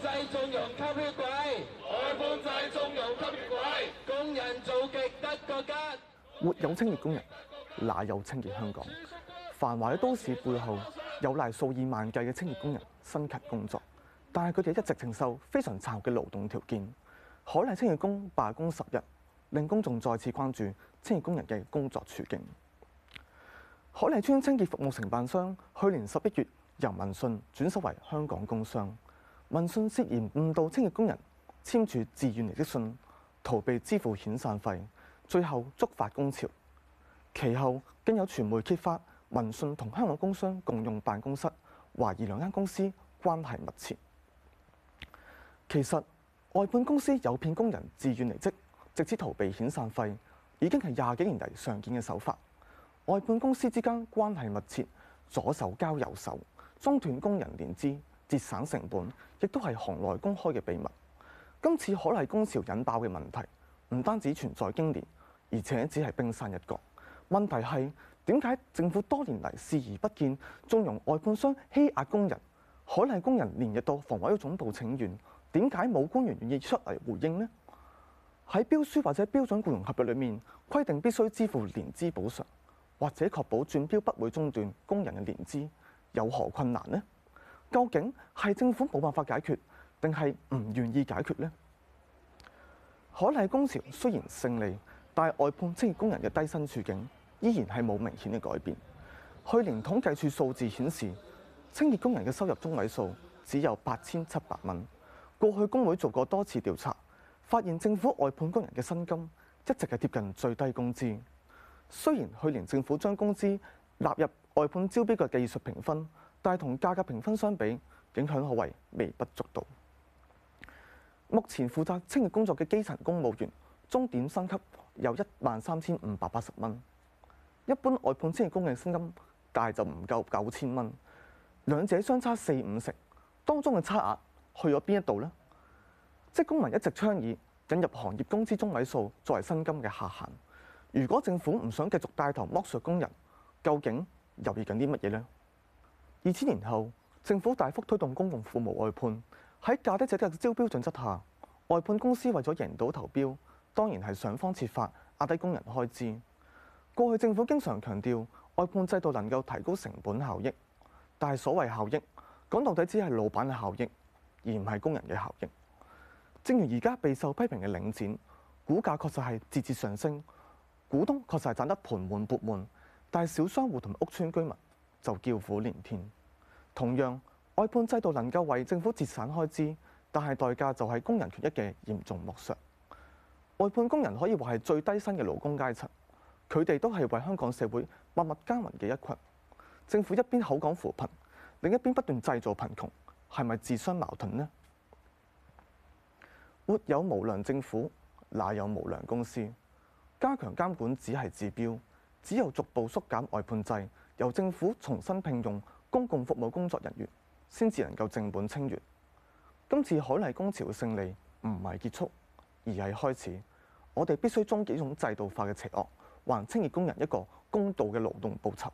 製造業吸血鬼，外判製造業吸血鬼，工人做極得個吉。沒有清潔工人，哪有清潔香港？繁華嘅都市背後，有賴數以萬計嘅清潔工人辛勤工作，但係佢哋一直承受非常殘酷嘅勞動條件。海麗清潔工罷工十日，令公眾再次關注清潔工人嘅工作處境。海麗村清潔服務承辦商去年十一月由民信轉手為香港工商。民信涉嫌誤導清潔工人簽署自願離職信，逃避支付遣散費，最後觸發工潮。其後經有傳媒揭發，民信同香港工商共用辦公室，懷疑兩間公司關係密切。其實外判公司誘騙工人自願離職，直至逃避遣散費，已經係廿幾年嚟常見嘅手法。外判公司之間關係密切，左手交右手，中斷工人連資。節省成本，亦都係行內公開嘅秘密。今次海麗工潮引爆嘅問題，唔單止存在經年，而且只係冰山一角。問題係點解政府多年嚟視而不見，縱容外判商欺壓工人？海麗工人連日到房委總部請願，點解冇官員願意出嚟回應呢？喺標書或者標準僱傭合約裏面規定必須支付年資補償，或者確保轉標不會中斷工人嘅年資，有何困難呢？究竟係政府冇辦法解決，定係唔願意解決呢？海麗工潮雖然勝利，但外判清潔工人嘅低薪處境依然係冇明顯嘅改變。去年統計處數字顯示，清潔工人嘅收入中位數只有八千七百蚊。過去工會做過多次調查，發現政府外判工人嘅薪金一直係貼近最低工資。雖然去年政府將工資納入外判招標嘅技術評分。但係同價格評分相比，影響可謂微不足道。目前負責清潔工作嘅基層公務員終點薪級有1萬三千五百八十蚊，一般外判清潔工嘅薪金大就唔夠九千蚊，兩者相差四五成，當中嘅差額去咗邊一度呢？職工盟一直倡議引入行業工資中位數作為薪金嘅下限，如果政府唔想繼續帶頭剝削工人，究竟猶豫緊啲乜嘢呢？二千年後，政府大幅推動公共服務外判。喺價低者得嘅招標準則下，外判公司為咗贏到投標，當然係想方設法壓低工人開支。過去政府經常強調外判制度能夠提高成本效益，但係所謂效益，講到底只係老闆嘅效益，而唔係工人嘅效益。正如而家備受批評嘅領展，股價確實係節節上升，股東確實係賺得盆滿缽滿，但係小商戶同屋村居民就叫苦連天。同樣外判制度能夠為政府節省開支，但係代價就係工人權益嘅嚴重剝削。外判工人可以話係最低薪嘅勞工階層，佢哋都係為香港社會默默耕耘嘅一群。政府一邊口講扶貧，另一邊不斷製造貧窮，係咪自相矛盾呢？沒有無良政府，哪有無良公司？加強監管只係治標，只有逐步縮減外判制，由政府重新聘用公共服務工作人員先至能夠正本清源。今次海麗工潮嘅勝利唔係結束，而係開始。我哋必須終結一種制度化嘅邪惡，還清潔工人一個公道嘅勞動報酬。